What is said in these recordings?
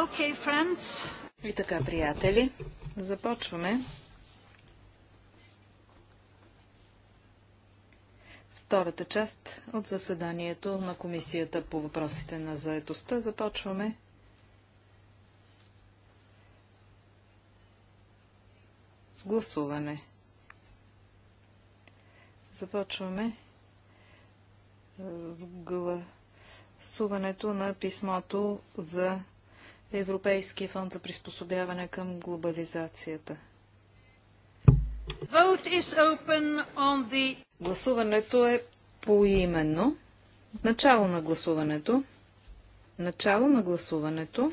Okay, friends. И така, приятели, започваме. Втората част от заседанието на Комисията по въпросите на заедостта започваме с гласуване. Започваме с гласуването на писмото за Европейския фонд за приспособяване към глобализацията. The... Гласуването е поименно. Начало на гласуването. Начало на гласуването.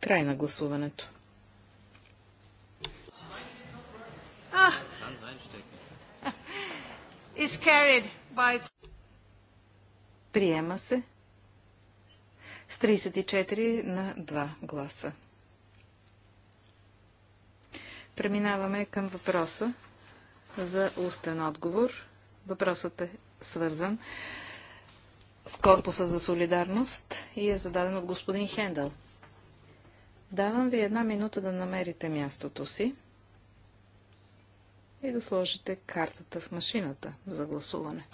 Край на гласуването. Ah. Is carried by Приема се с 34 на 2 гласа. Преминаваме към въпроса за устен отговор. Въпросът е свързан с Корпуса за солидарност и е зададен от господин Хендъл. Давам ви една минута да намерите мястото си и да сложите картата в машината за гласуване.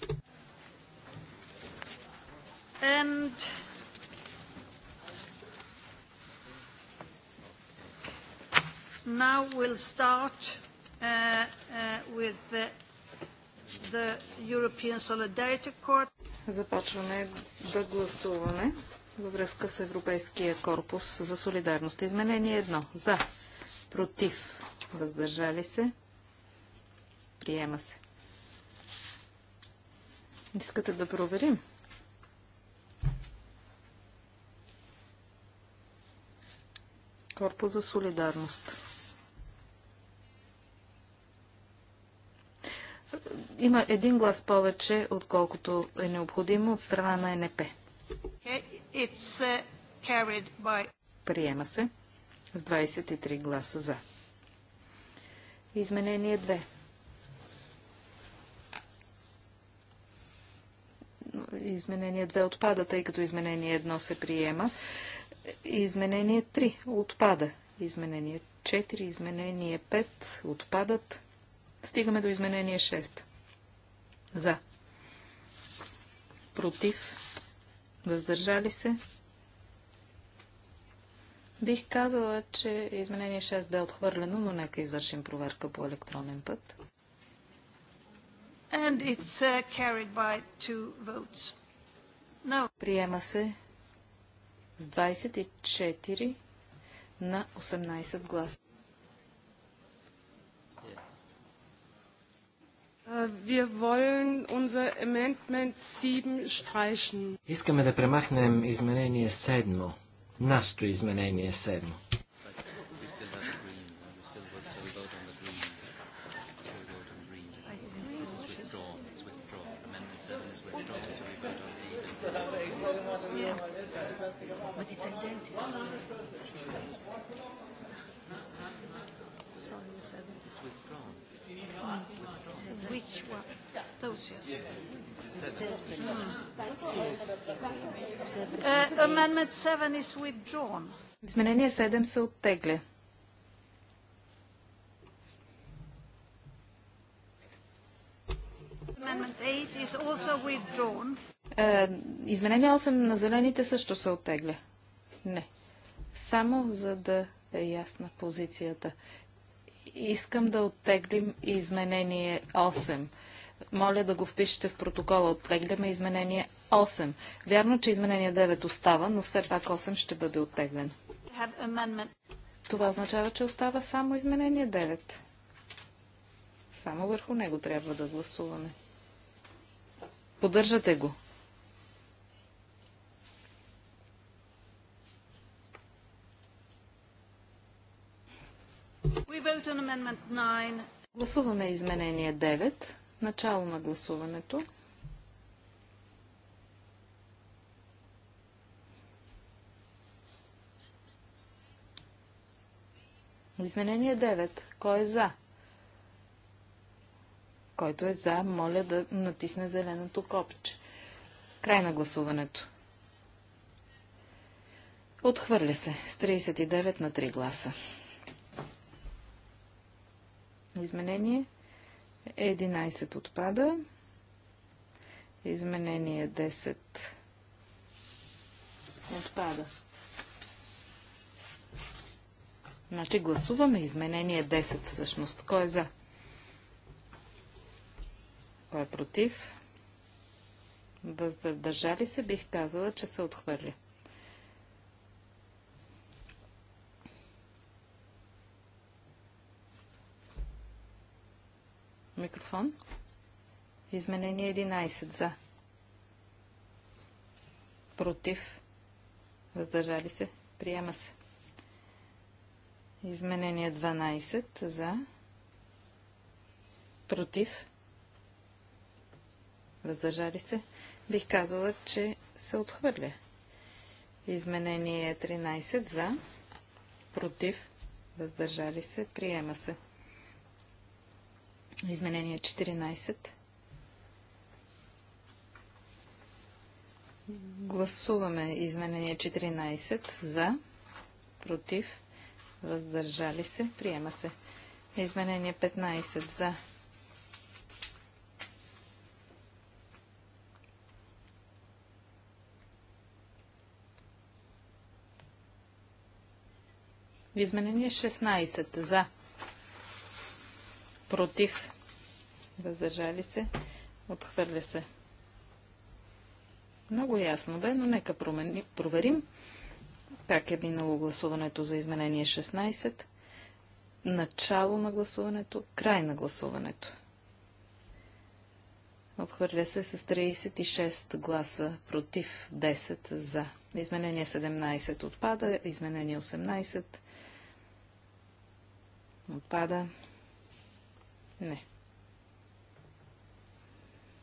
And now we'll start uh, uh, with the, the European Solidarity Court. Започваме да гласуваме във връзка с Европейския корпус за солидарност. Изменение едно. За. Против. Въздържали се. Приема се. Искате да проверим? Корпус за солидарност. Има един глас повече, отколкото е необходимо от страна на НП. Uh, by... Приема се с 23 гласа за. Изменение 2. Изменение 2 отпада, тъй като изменение 1 се приема. Изменение 3 отпада. Изменение 4, изменение 5 отпадат. Стигаме до изменение 6. За. Против. Въздържали се. Бих казала, че изменение 6 бе отхвърлено, но нека извършим проверка по електронен път. And it's uh, carried by two votes. No. Приема се с 24 на 18 гласа. Е, Искаме да премахнем изменение седмо, нашето изменение седмо. Изменение 7 се оттегля. Е, изменение 8 на зелените също се оттегля. Не. Само за да е ясна позицията. Искам да оттеглим изменение 8. Моля да го впишете в протокола. Оттегляме изменение 8. Вярно, че изменение 9 остава, но все пак 8 ще бъде оттеглен. Това означава, че остава само изменение 9. Само върху него трябва да гласуваме. Поддържате го. Гласуваме изменение 9. Начало на гласуването. Изменение 9. Кой е за? Който е за, моля да натисне зеленото копче. Край на гласуването. Отхвърля се с 39 на 3 гласа. Изменение 10. 11 отпада. Изменение 10 отпада. Значи гласуваме изменение 10 всъщност. Кой е за? Кой е против? Въздържали се бих казала, че се отхвърля. Микрофон. Изменение 11 за. Против. Въздържали се. Приема се. Изменение 12 за. Против. Въздържали се. Бих казала, че се отхвърля. Изменение 13 за. Против. Въздържали се. Приема се. Изменение 14. Гласуваме изменение 14 за, против, въздържали се, приема се. Изменение 15 за. Изменение 16 за против, въздържали се, отхвърля се. Много ясно бе, но нека промени, проверим как е минало гласуването за изменение 16. Начало на гласуването, край на гласуването. Отхвърля се с 36 гласа против 10 за. Изменение 17 отпада, изменение 18 отпада. Не.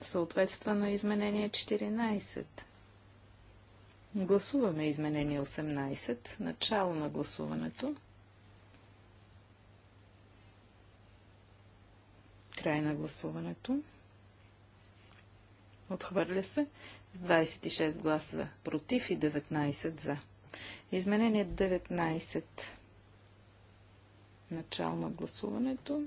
Съответства на изменение 14. Гласуваме изменение 18. Начало на гласуването. Край на гласуването. Отхвърля се с 26 гласа против и 19 за. Изменение 19. Начало на гласуването.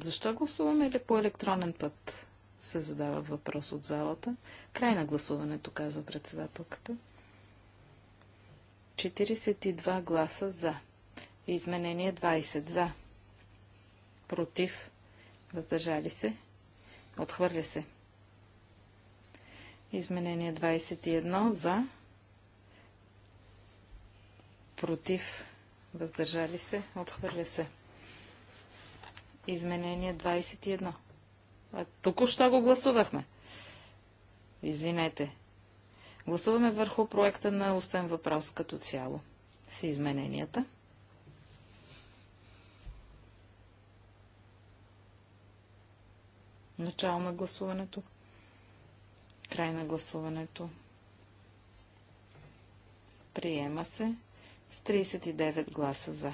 Защо гласуваме ли по електронен път? Се задава въпрос от залата. Край на гласуването, казва председателката. 42 гласа за. Изменение 20 за. Против. Въздържали се. Отхвърля се. Изменение 21 за. Против. Въздържали се. Отхвърля се. Изменение 21. Току-що го гласувахме. Извинете. Гласуваме върху проекта на устен въпрос като цяло с измененията. Начало на гласуването. Край на гласуването. Приема се с 39 гласа за.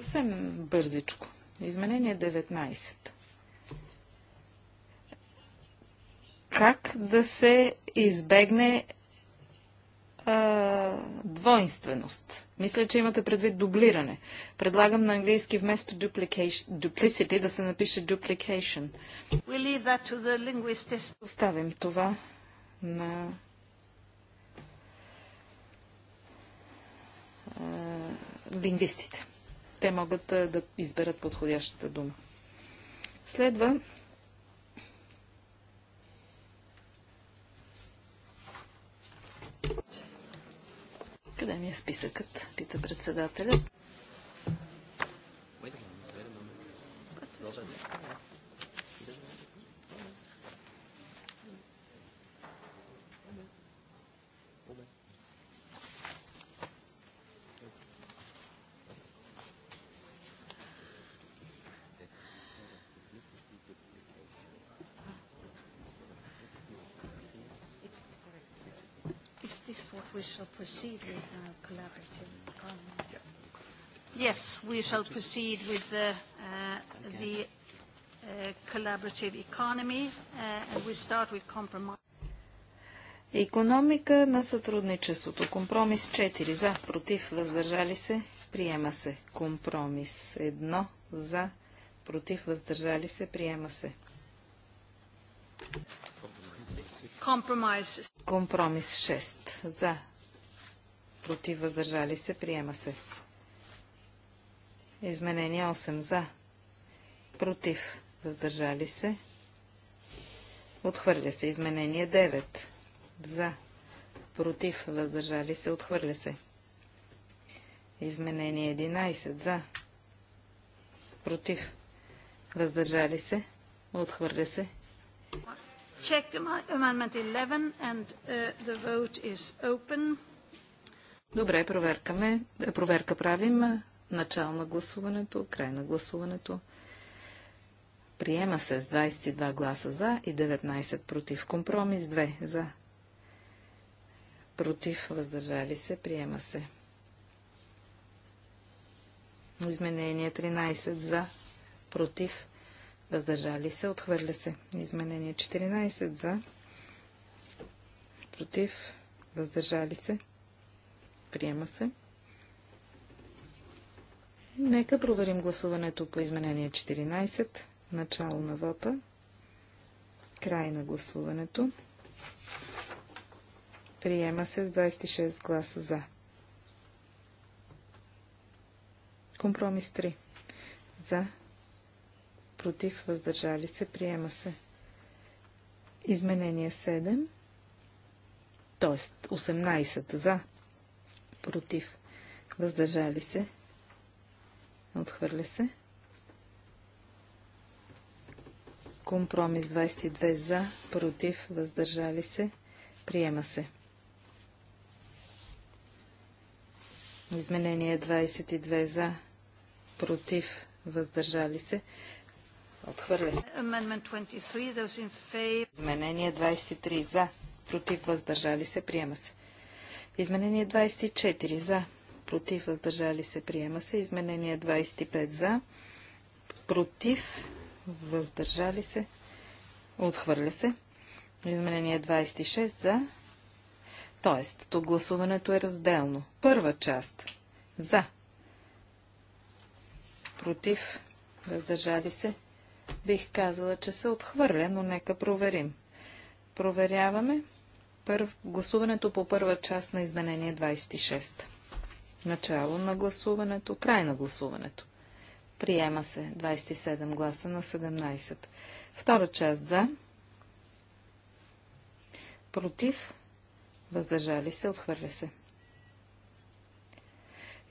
Съвсем бързичко. Изменение 19. Как да се избегне а, двойственост? Мисля, че имате предвид дублиране. Предлагам на английски вместо duplicity да се напише duplication. Оставим това на лингвистите те могат да изберат подходящата дума. Следва Къде ми е списъкът? Пита председателят. Yes, we shall proceed with the, uh, the uh, collaborative economy, uh, and we start with compromise. Економика на сътрудничеството. Компромис 4 за, против, въздържали се, приема се. Компромис 1 за, против, въздържали се, приема се. Компромис. Компромис 6 за, против, въздържали се, приема се. Изменение 8 за. Против. Въздържали се. Отхвърля се. Изменение 9 за. Против. Въздържали се. Отхвърля се. Изменение 11 за. Против. Въздържали се. Отхвърля се. Check amendment 11 and uh, the vote is open. Добре, проверкаме. Проверка правим. Начало на гласуването, край на гласуването. Приема се с 22 гласа за и 19 против. Компромис 2 за. Против въздържали се. Приема се. Изменение 13 за. Против въздържали се. Отхвърля се. Изменение 14 за. Против въздържали се. Приема се. Нека проверим гласуването по изменение 14. Начало на вота. Край на гласуването. Приема се с 26 гласа за. Компромис 3. За. Против. Въздържали се. Приема се. Изменение 7. Тоест 18 за. Против. Въздържали се. Отхвърля се. Компромис 22 за, против, въздържали се. Приема се. Изменение 22 за, против, въздържали се. Отхвърля се. Изменение 23 за, против, въздържали се. Приема се. Изменение 24 за, против, въздържали се, приема се. Изменение 25 за, против, въздържали се, отхвърля се. Изменение 26 за, т.е. тук гласуването е разделно. Първа част. За. Против. Въздържали се. Бих казала, че се отхвърля, но нека проверим. Проверяваме първ... гласуването по първа част на изменение 26. Начало на гласуването, край на гласуването. Приема се 27 гласа на 17. Втора част за. Против. Въздържали се. Отхвърля се.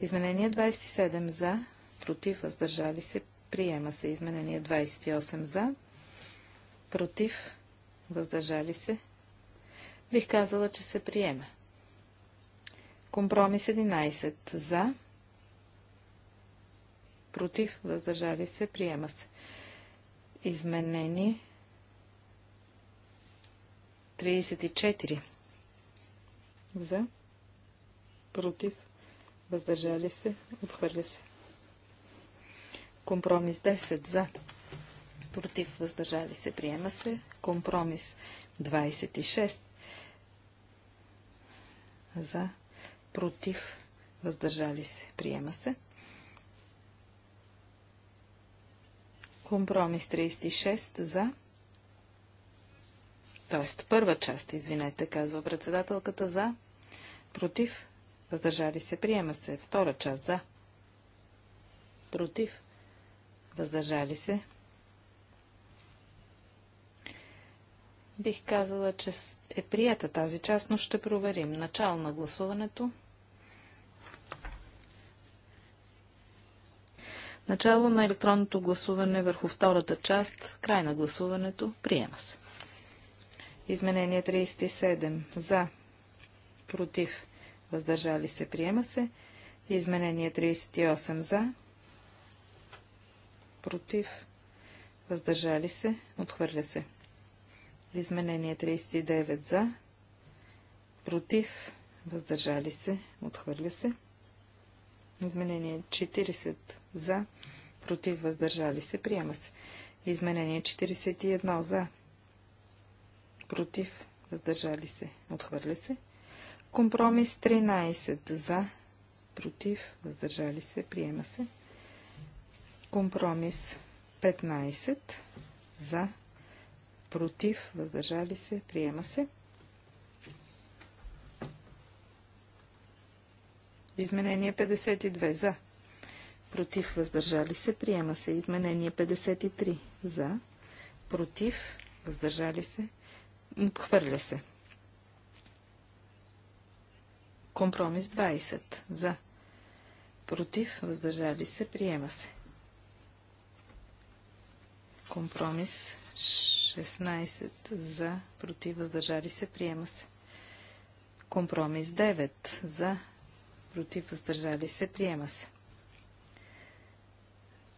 Изменение 27 за. Против. Въздържали се. Приема се. Изменение 28 за. Против. Въздържали се. Бих казала, че се приема. Компромис 11. За. Против. Въздържали се. Приема се. Изменение 34. За. Против. Въздържали се. Отхвърля се. Компромис 10. За. Против. Въздържали се. Приема се. Компромис 26. За против, въздържали се, приема се. Компромис 36 за. Тоест, първа част, извинете, казва председателката за. Против, въздържали се, приема се. Втора част за. Против, въздържали се. Бих казала, че е прията тази част, но ще проверим. Начало на гласуването. Начало на електронното гласуване върху втората част, край на гласуването, приема се. Изменение 37. За. Против. Въздържали се. Приема се. Изменение 38. За. Против. Въздържали се. Отхвърля се. Изменение 39. За. Против. Въздържали се. Отхвърля се. Изменение 40 за, против, въздържали се, приема се. Изменение 41 за, против, въздържали се, отхвърля се. Компромис 13 за, против, въздържали се, приема се. Компромис 15 за, против, въздържали се, приема се. Изменение 52 за, против, въздържали се, приема се. Изменение 53 за, против, въздържали се, отхвърля се. Компромис 20 за, против, въздържали се, приема се. Компромис 16 за, против, въздържали се, приема се. Компромис 9 за, против, въздържали се, приема се.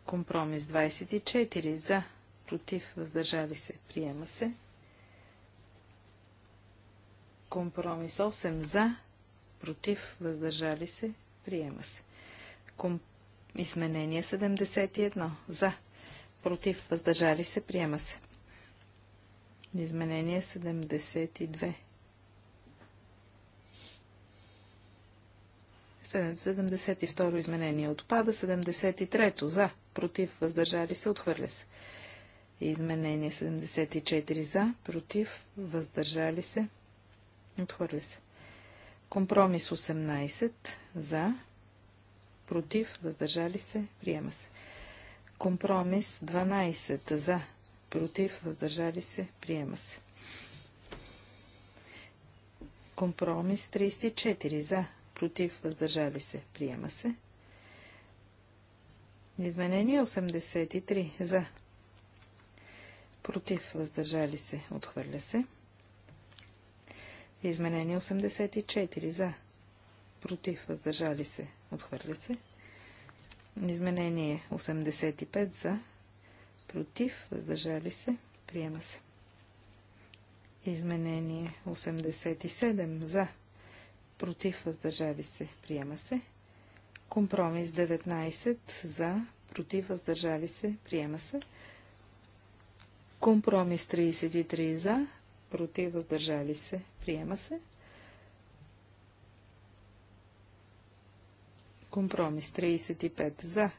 Компромис 24 за, против, въздържали се, приема се. Компромис 8 за, против, въздържали се, приема се. Ком... Изменение 71 за, против, въздържали се, приема се. Изменение 72 72 изменение отпада, 73 за, против, въздържали се, отхвърля се. Изменение 74 за, против, въздържали се, отхвърля се. Компромис 18 за, против, въздържали се, приема се. Компромис 12 за, против, въздържали се, приема се. Компромис 34 за, против, въздържали се, приема се. Изменение 83 за, против, въздържали се, отхвърля се. Изменение 84 за, против, въздържали се, отхвърля се. Изменение 85 за, против, въздържали се, приема се. Изменение 87 за, против, въздържали се, приема се. Компромис 19 за, против, въздържали се, приема се. Компромис 33 за, против, въздържали се, приема се. Компромис 35 за,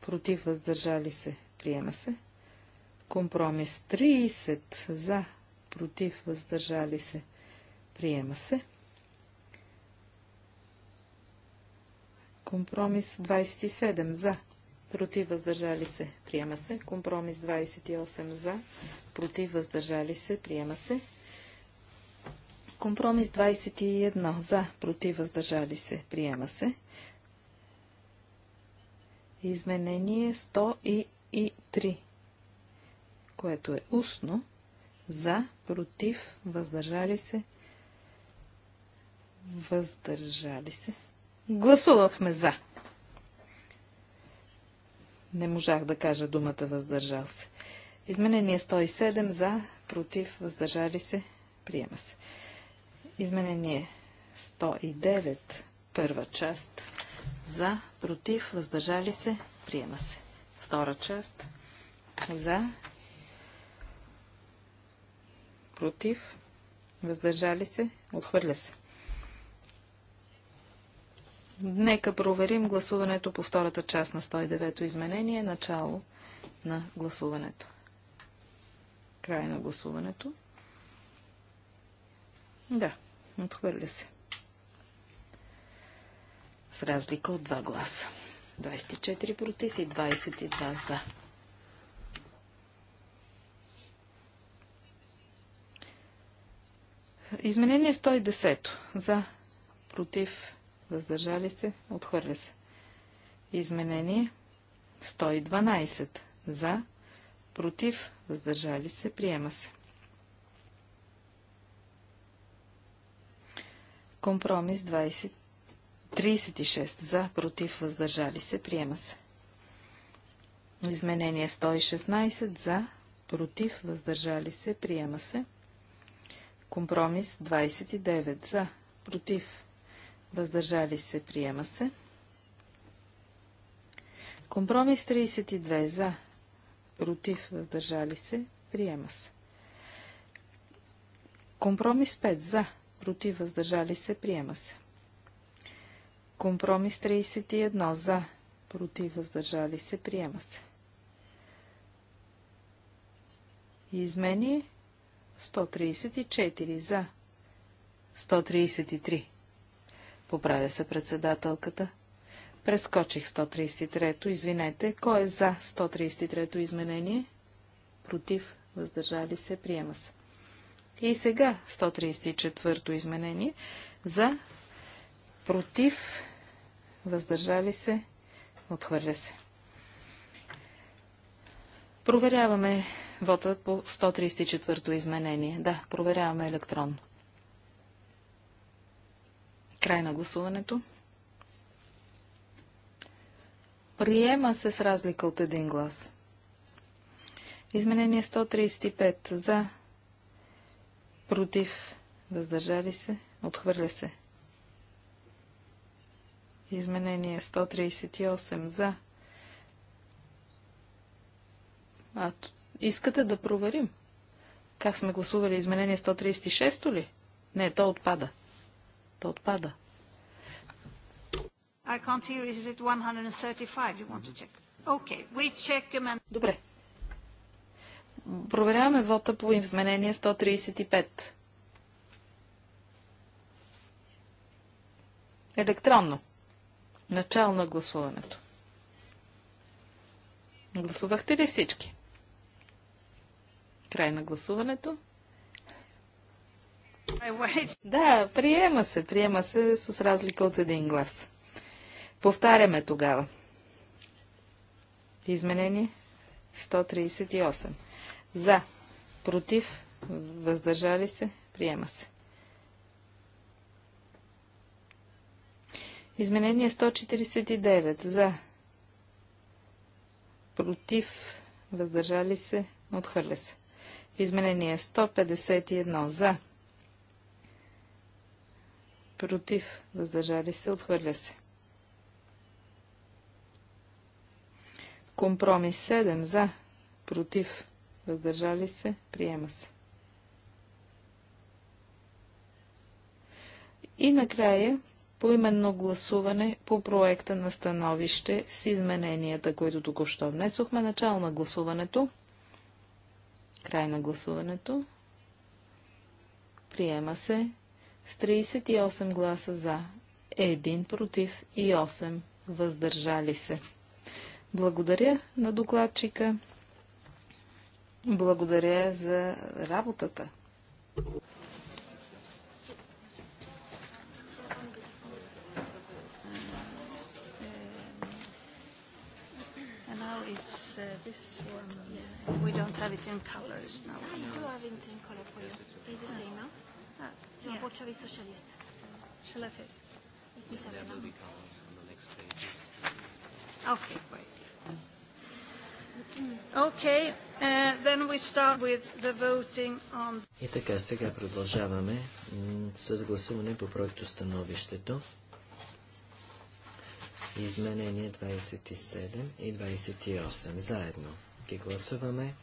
против, въздържали се, приема се. Компромис 30 за, против, въздържали се, приема се. Компромис 27 за. Против въздържали се. Приема се. Компромис 28 за. Против въздържали се. Приема се. Компромис 21 за. Против въздържали се. Приема се. Изменение 103, което е устно. За. Против въздържали се. Въздържали се. Гласувахме за. Не можах да кажа думата въздържал се. Изменение 107 за, против, въздържали се, приема се. Изменение 109, първа част, за, против, въздържали се, приема се. Втора част, за, против, въздържали се, отхвърля се. Нека проверим гласуването по втората част на 109-то изменение, начало на гласуването. Край на гласуването. Да, отхвърля се. С разлика от 2 гласа. 24 против и 22 за. Изменение 110 за против въздържали се, отхвърля се. Изменение 112 за, против, въздържали се, приема се. Компромис 20, 36 за, против, въздържали се, приема се. Изменение 116 за, против, въздържали се, приема се. Компромис 29 за, против, въздържали се, приема се. Компромис 32 за, против, въздържали се, приема се. Компромис 5 за, против, въздържали се, приема се. Компромис 31 за, против, въздържали се, приема се. Измени 134 за 133 Поправя се председателката. Прескочих 133-то. Извинете. Кой е за 133-то изменение? Против. Въздържали се. Приема се. И сега 134-то изменение. За. Против. Въздържали се. Отхвърля се. Проверяваме вота по 134-то изменение. Да, проверяваме електронно. Край на гласуването. Приема се с разлика от един глас. Изменение 135. За. Против. Въздържали се. Отхвърля се. Изменение 138. За. А, искате да проверим? Как сме гласували изменение 136 ли? Не, то отпада да отпада. I can't hear. Is it 135 you want to check? Okay, we check Добре. Проверяваме вота по изменение 135. Електронно. Начало на гласуването. Гласувахте ли всички? Край на гласуването. Да, приема се, приема се с разлика от един глас. Повтаряме тогава. Изменение 138. За, против, въздържали се, приема се. Изменение 149. За, против, въздържали се, отхвърля се. Изменение 151. За, Против. Въздържали се. Отхвърля се. Компромис 7 за. Против. Въздържали се. Приема се. И накрая поименно гласуване по проекта на становище с измененията, които току-що внесохме. Начало на гласуването. Край на гласуването. Приема се с 38 гласа за, 1 против и 8 въздържали се. Благодаря на докладчика. Благодаря за работата. uh, this one. Yeah. We don't have it in colors now. Ah, you do have it in color for you. Is it the same now? Okay, great. Okay, uh, then we start with the voting on... И така, сега продължаваме с гласуване по проекто становището. Изменение 27 и 28. Заедно ги гласуваме.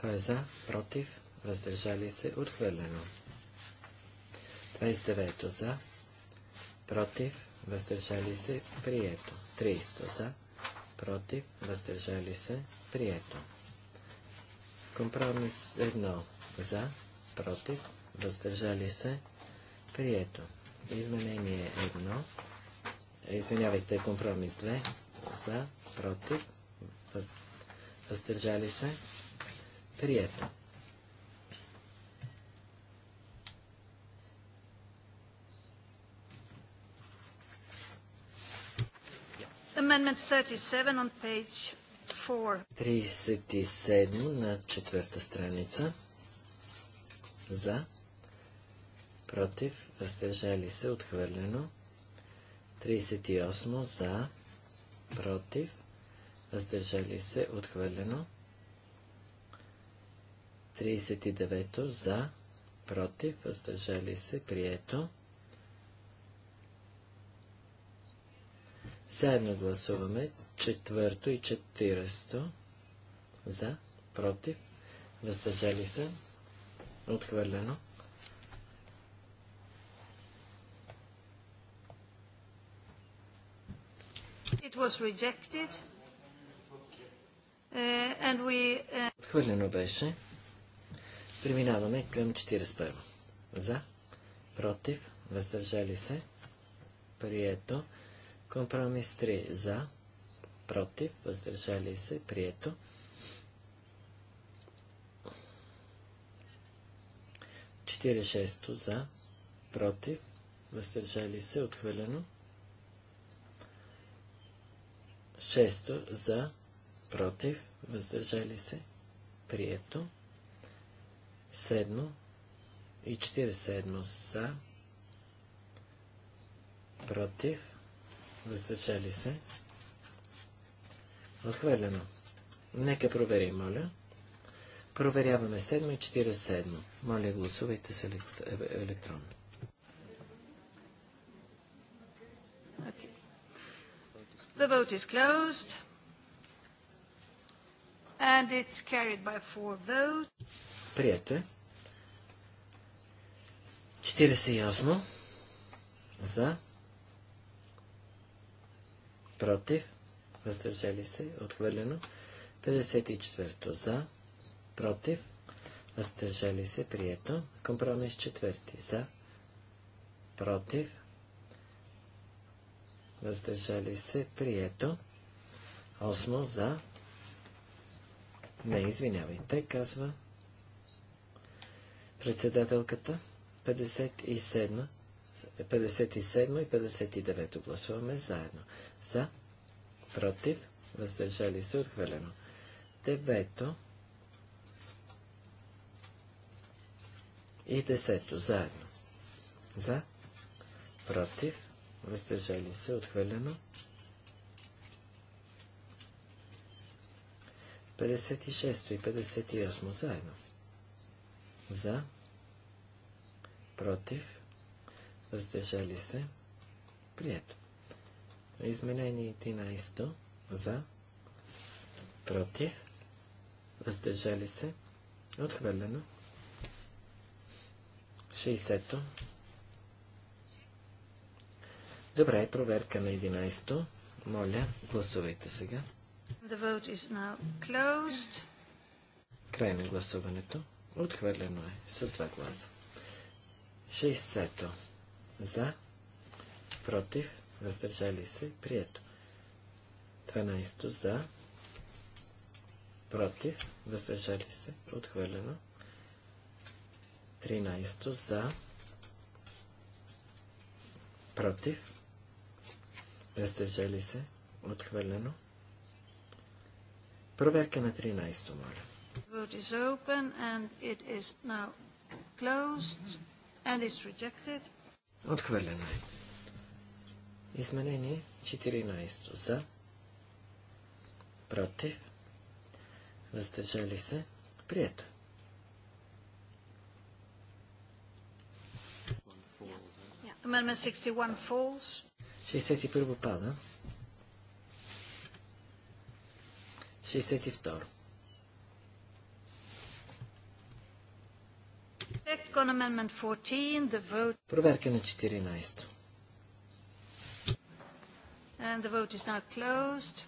Кой е за, против, въздържали се, отхвърлено. 29 за, против, въздържали се, прието. 300 за, против, въздържали се, прието. Компромис 1 за, против, въздържали се, прието. Изменение 1, извинявайте, компромис 2 за, против, въздържали се, прието. Amendment 37 on page 4. 37 на четвърта страница. За. Против. Въздържали се. Отхвърлено. 38 за. Против. Въздържали се. Отхвърлено. 39 за. Против. Въздържали се. Прието. Заедно гласуваме четвърто и четиресто за, против, въздържали се, отхвърлено. It was rejected. Uh, and we, uh... Отхвърлено беше. Преминаваме към 41. За, против, въздържали се, прието. Компромис 3 за, против, въздържали се, прието. Четири шесто за, против, въздържали се, отхвърлено. Шесто за, против, въздържали се, прието. Седмо и седмо за. против, Въздържали се. Отхвърлено. Нека проверим, моля. Проверяваме 7 и 47. Моля, гласувайте с е- е- електронно. The vote is closed. And it's carried by four votes. Прието е. 48 за против, въздържали се, отхвърлено. 54-то за, против, въздържали се, прието. Компромис четвърти за, против, въздържали се, прието. Осмо за, не извинявайте, казва председателката. 57 57 и 59 гласуваме заедно. За, против, въздържали се, отхвърлено. Девето и десето заедно. За, против, въздържали се, отхвърлено. 56 и 58 заедно. За, против, ли се, прието. Изменение 11 за, против, ли се, отхвърлено. 60-то. Добре, проверка на 11-то. Моля, гласувайте сега. The vote is now closed. Край на гласуването. Отхвърлено е с два гласа. 60-то. За. Против. Въздържали се. Прието. 12 за. Против. Въздържали се. Отхвърлено. 13 за. Против. Въздържали се. Отхвърлено. Проверка на 13 моля. Vote is open and it is now closed and it's rejected. Отхвърлено е. Изменение 14 за, против, въздържали се, прието. Amendment 61 falls. 61 пада. 62. Проверка на 14. And the vote is now closed.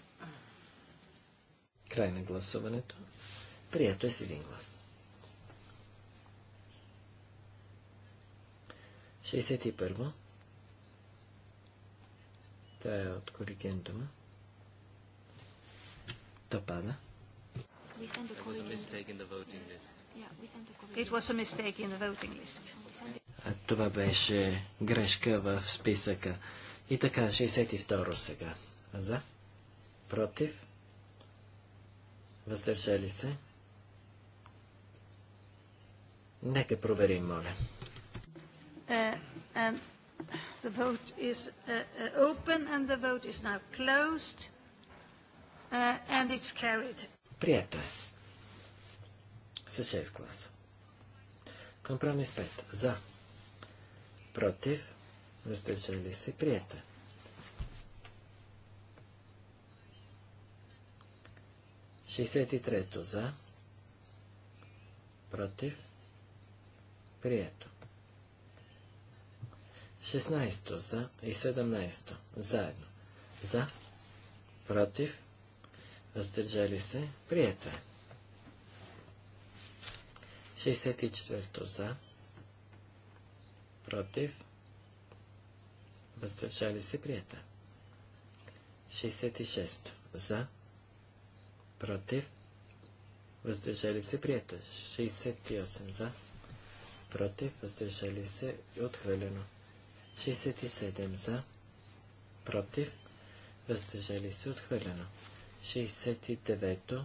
Край на гласуването. Прието е с един глас. 61. Та е от коригентума. То пада. We stand the това беше грешка в списъка. И така, 62 сега. За? Против? Въздържали се? Нека проверим, моля. Е, е, the vote is uh, open and the vote is now closed uh, and it's carried. Прието е. С 6 гласа. Компромис 5. За. Против. Въздържали се. Прието. Е. Шестдесет и трето. За. Против. Прието. 16 за и 17 заедно. За, против, въздържали се, прието е. 64 за, против, въздържали се прията. 66 за, против, въздържали се прията. 68 за, против, въздържали се и отхвърлено. 67 за, против, въздържали се отхвърлено. 69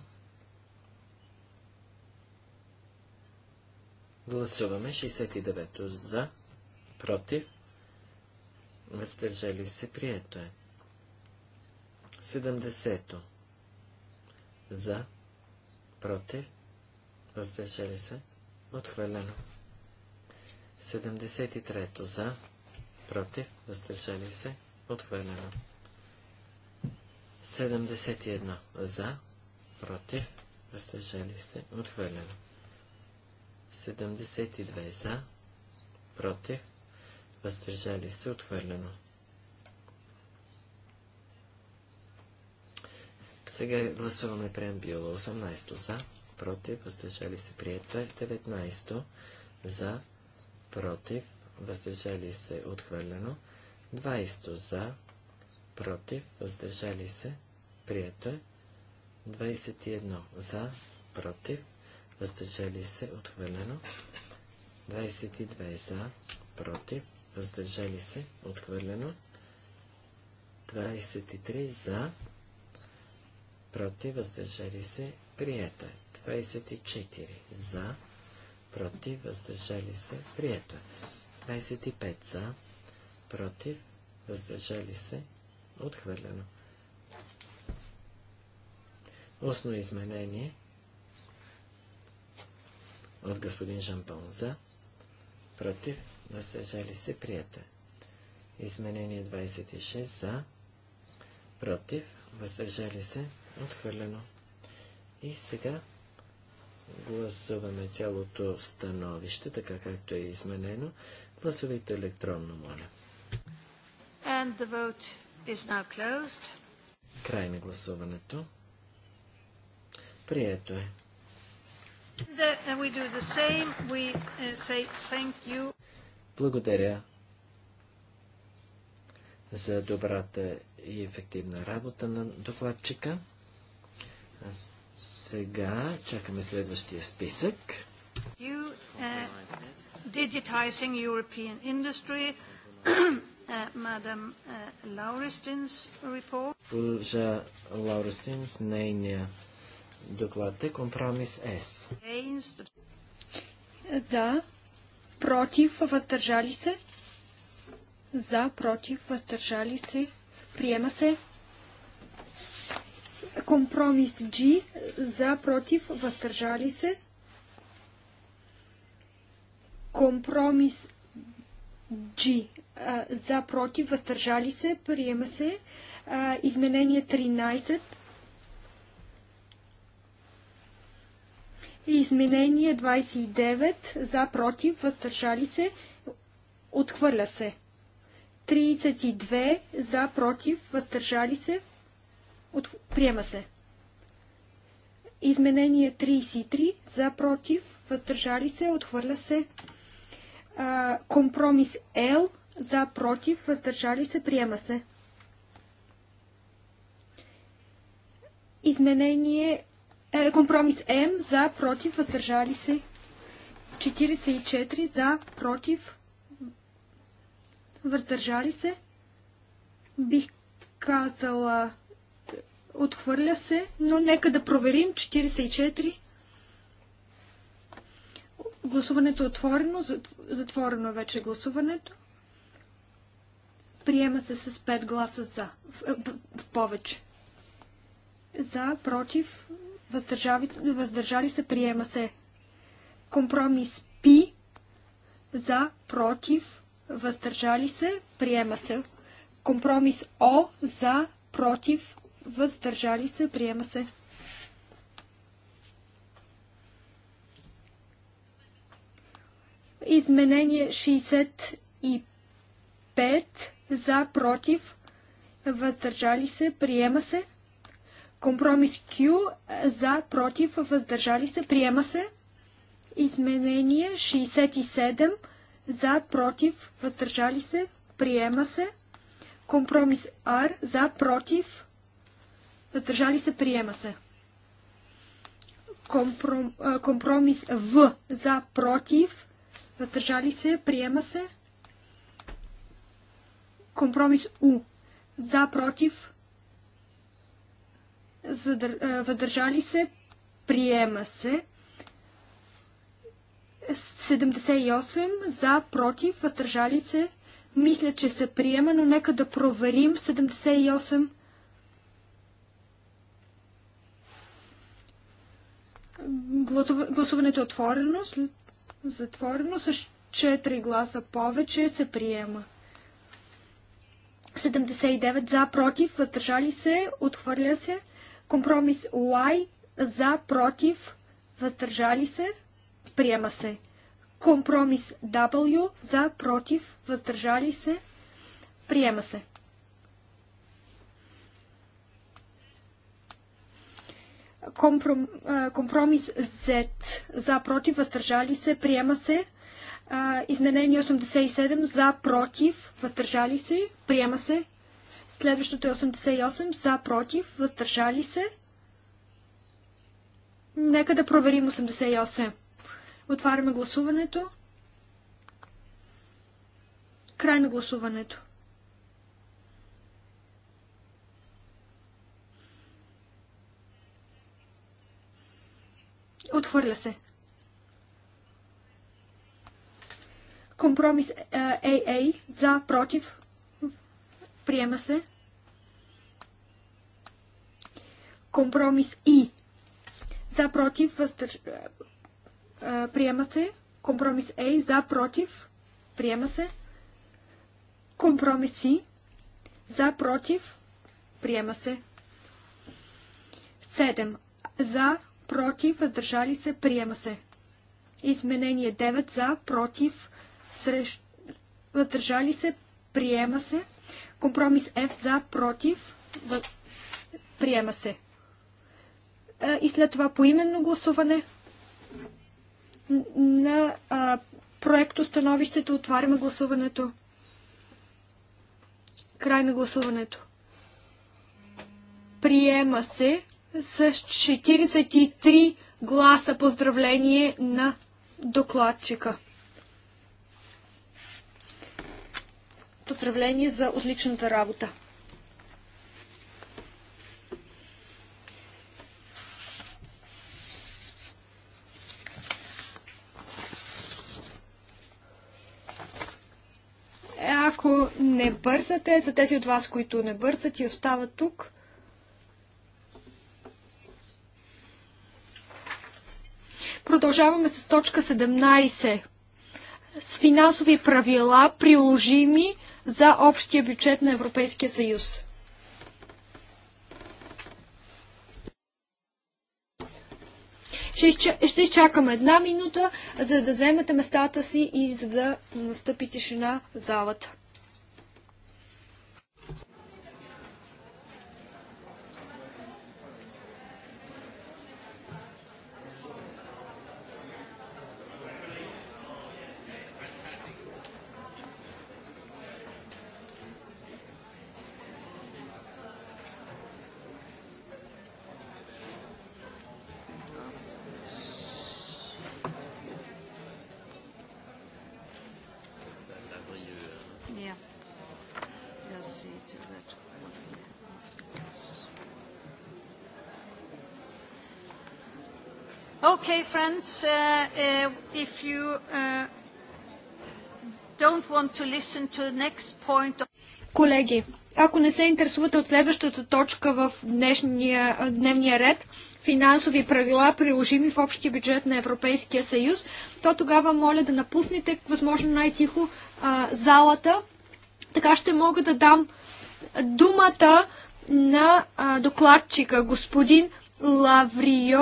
Гласуваме 69-то за, против, въздържали се, прието е. 70-то за, против, въздържали се, отхвърлено. 73-то за, против, въздържали се, отхвърлено. 71 за, против, въздържали се, отхвърлено. 72 за, против, въздържали се, отхвърлено. Сега гласуваме преамбюла. 18 за, против, въздържали се, прието е. 19 за, против, въздържали се, отхвърлено. 20 за, против, въздържали се, прието е. 21 за, против, въздържали се, отхвърлено. 22 за, против, въздържали се, отхвърлено. 23 за, против, въздържали се, прието е. 24 за, против, въздържали се, прието е. 25 за, против, въздържали се, отхвърлено. Устно изменение – от господин Жан за, против, въздържали се, прието е. Изменение 26 за, против, въздържали се, отхвърлено. И сега гласуваме цялото становище, така както е изменено. Гласувайте електронно, моля. And the vote is now closed. Край на гласуването. Прието е. Uh, Благодаря за добрата и ефективна работа на докладчика. А сега чакаме следващия списък. You, uh, digitizing European industry, uh, uh Лауристинс uh, report. нейния доклада. Е компромис С. За, против, въздържали се. За, против, въздържали се. Приема се. Компромис G. За, против, въздържали се. Компромис G. За, против, въздържали се. Приема се. Изменение 13 Изменение 29 за против, въздържали се, отхвърля се. 32 за против, въздържали се, от... приема се. Изменение 33 за против, въздържали се, отхвърля се. А, компромис L за против, въздържали се, приема се. Изменение е, компромис М за, против, въздържали се. 44 за, против, въздържали се. Бих казала отхвърля се, но нека да проверим. 44. Гласуването е отворено, затворено е вече гласуването. Приема се с 5 гласа за, в, в повече. За, против, въздържали, въздържали се, приема се. Компромис Пи за, против, въздържали се, приема се. Компромис О за, против, въздържали се, приема се. Изменение 65 за, против, въздържали се, приема се. Компромис Q за, против, въздържали се, приема се. Изменение 67 за, против, въздържали се, приема се. Компромис R за, против, въздържали се, приема се. Компром, компромис В за, против, въздържали се, приема се. Компромис У за, против, Въдържали се, приема се. 78 за, против, въздържали се. Мисля, че се приема, но нека да проверим 78. Гласуването е отворено, затворено, с 4 гласа повече се приема. 79 за, против, въздържали се, отхвърля се. Компромис Y за, против, въздържали се, приема се. Компромис W за, против, въздържали се, приема се. компромис Z за, против, въздържали се, приема се. Изменение 87 за, против, въздържали се, приема се. Следващото е 88 за, против, въздържали се. Нека да проверим 88. Отваряме гласуването. Край на гласуването. Отхвърля се. Компромис АА е, е, е, за, против, Приема се. Компромис И. За, против, Въздър... Приема се. Компромис Е. За, против. Приема се. Компромис Си. За, против. Приема се. 7. За, против, въздържали се, приема се. Изменение 9. За, против, срещ... въздържали се, приема се. Компромис F за, против, в... приема се. И след това поименно гласуване на проекто становището. Отваряме гласуването. Край на гласуването. Приема се с 43 гласа поздравление на докладчика. Поздравление за отличната работа! Е, ако не бързате, за тези от вас, които не бързат и остават тук, Продължаваме с точка 17. С финансови правила, приложими за общия бюджет на Европейския съюз. Ще изчакаме една минута, за да вземете местата си и за да настъпи тишина в залата. Okay, friends, uh, uh, if you uh, don't want to listen to the next point... Колеги, ако не се интересувате от следващата точка в днешния, дневния ред, финансови правила, приложими в общия бюджет на Европейския съюз, то тогава моля да напуснете, възможно най-тихо, залата. Така ще мога да дам думата на а, докладчика, господин Лаврио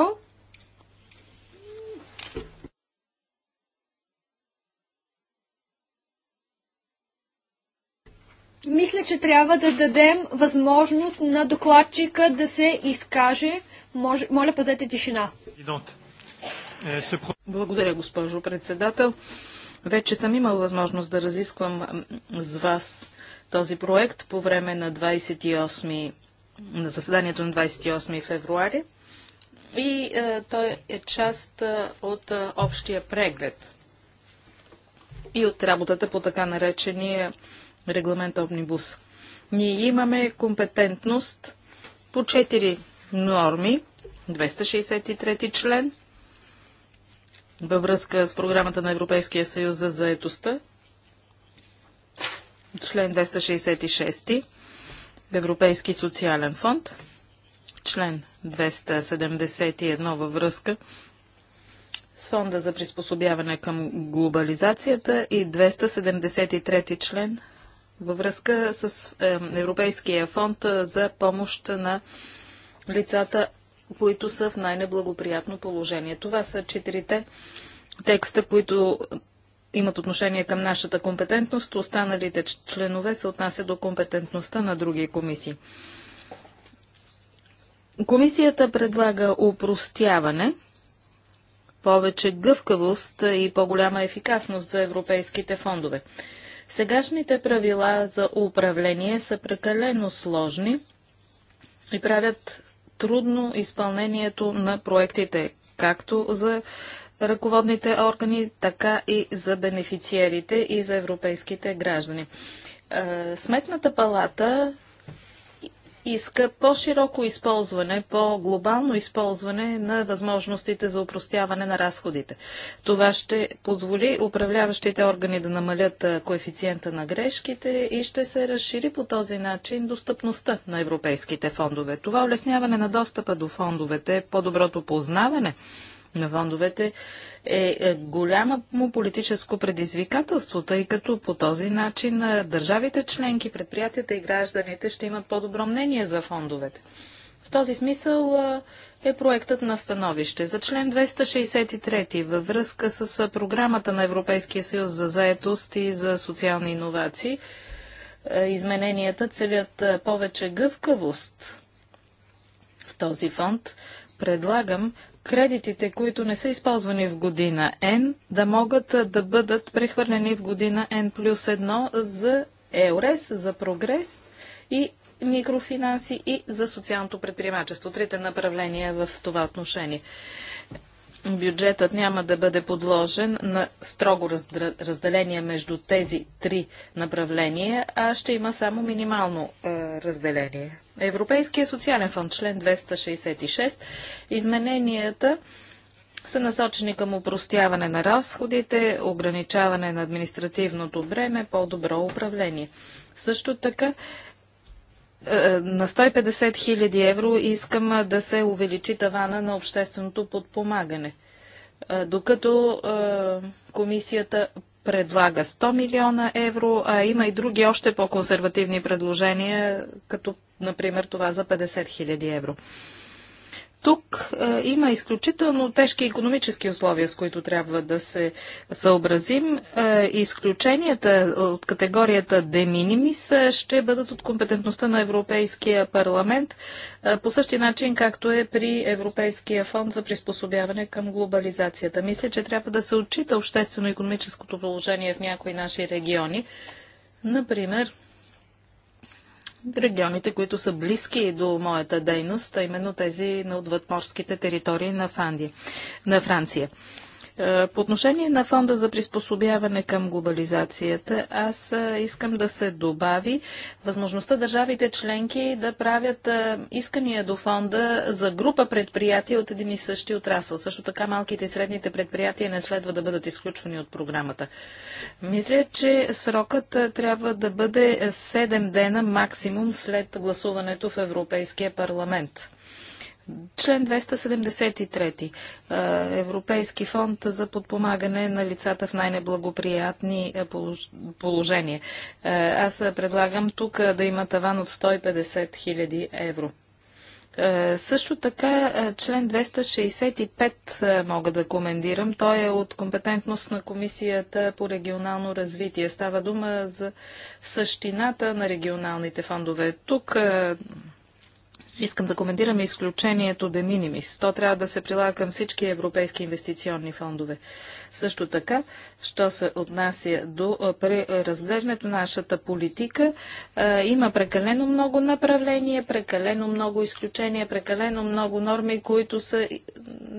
Мисля, че трябва да дадем възможност на докладчика да се изкаже. моля, пазете тишина. Благодаря, госпожо председател. Вече съм имал възможност да разисквам с вас този проект по време на 28 на заседанието на 28 февруари и е, той е част е, от е, общия преглед и от работата по така наречения регламент Омнибус. Ние имаме компетентност по 4 норми, 263 член, във връзка с програмата на Европейския съюз за заетостта, член 266, Европейски социален фонд, член 271 във връзка с Фонда за приспособяване към глобализацията и 273 член във връзка с е, Европейския фонд за помощ на лицата, които са в най-неблагоприятно положение. Това са четирите текста, които имат отношение към нашата компетентност. Останалите членове се отнасят до компетентността на други комисии. Комисията предлага упростяване, повече гъвкавост и по-голяма ефикасност за европейските фондове. Сегашните правила за управление са прекалено сложни и правят трудно изпълнението на проектите, както за ръководните органи, така и за бенефициерите и за европейските граждани. Е, Сметната палата иска по-широко използване, по-глобално използване на възможностите за упростяване на разходите. Това ще позволи управляващите органи да намалят коефициента на грешките и ще се разшири по този начин достъпността на европейските фондове. Това улесняване на достъпа до фондовете, по-доброто познаване на фондовете е, е голямо политическо предизвикателство, тъй като по този начин държавите членки, предприятията и гражданите ще имат по-добро мнение за фондовете. В този смисъл е проектът на становище. За член 263 във връзка с програмата на Европейския съюз за заетост и за социални иновации, измененията целят повече гъвкавост в този фонд. Предлагам кредитите, които не са използвани в година N, да могат да бъдат прехвърлени в година N плюс 1 за ЕОРЕС, за прогрес и микрофинанси и за социалното предприемачество. Трите направления в това отношение бюджетът няма да бъде подложен на строго разделение между тези три направления, а ще има само минимално е, разделение. Европейския социален фонд, член 266, измененията са насочени към упростяване на разходите, ограничаване на административното бреме, по-добро управление. Също така на 150 000 евро искам да се увеличи тавана на общественото подпомагане. Докато комисията предлага 100 милиона евро, а има и други още по-консервативни предложения, като например това за 50 000 евро. Тук е, има изключително тежки економически условия, с които трябва да се съобразим. Е, изключенията от категорията de minimis е, ще бъдат от компетентността на Европейския парламент е, по същия начин, както е при Европейския фонд за приспособяване към глобализацията. Мисля, че трябва да се отчита обществено-економическото положение в някои наши региони. Например, регионите, които са близки до моята дейност, а именно тези на отвъдморските територии на, на Франция. Е, по отношение на фонда за приспособяване към глобализацията, аз е, искам да се добави възможността държавите членки да правят е, искания до фонда за група предприятия от един и същи отрасъл. Също така малките и средните предприятия не следва да бъдат изключвани от програмата. Мисля, че срокът трябва да бъде 7 дена максимум след гласуването в Европейския парламент. Член 273. Е, Европейски фонд за подпомагане на лицата в най-неблагоприятни е, положения. Е, аз предлагам тук да има таван от 150 000 евро. Също така член 265 мога да комендирам. Той е от компетентност на Комисията по регионално развитие. Става дума за същината на регионалните фондове. Тук Искам да коментираме изключението де минимис. То трябва да се прилага към всички европейски инвестиционни фондове. Също така, що се отнася до разглеждането на нашата политика, има прекалено много направления, прекалено много изключения, прекалено много норми, които са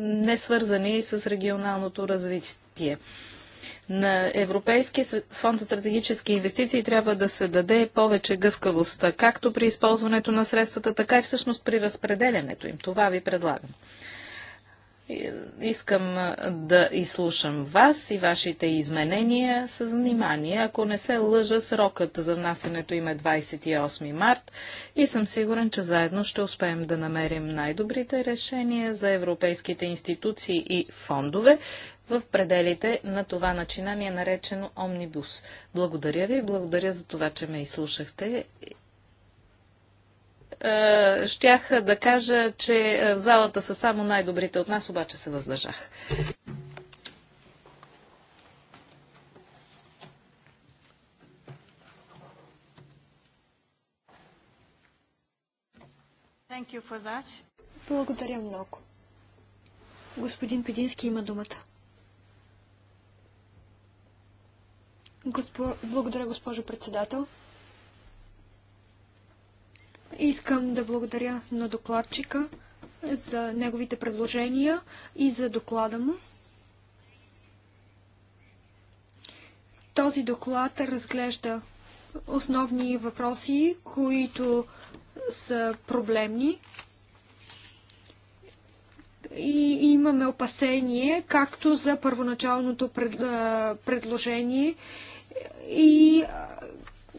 несвързани с регионалното развитие. На Европейския фонд за стратегически инвестиции трябва да се даде повече гъвкавост, както при използването на средствата, така и всъщност при разпределянето им. Това ви предлагам. Искам да изслушам вас и вашите изменения с внимание. Ако не се лъжа, срокът за внасянето им е 28 март и съм сигурен, че заедно ще успеем да намерим най-добрите решения за европейските институции и фондове, в пределите на това начинание, наречено Омнибус. Благодаря ви, благодаря за това, че ме изслушахте. Е, щях да кажа, че е, в залата са само най-добрите от нас, обаче се въздържах. Благодаря много. Господин Педински има думата. Госпо... Благодаря, госпожо председател. Искам да благодаря на докладчика за неговите предложения и за доклада му. Този доклад разглежда основни въпроси, които са проблемни. И имаме опасение както за първоначалното пред, предложение, и,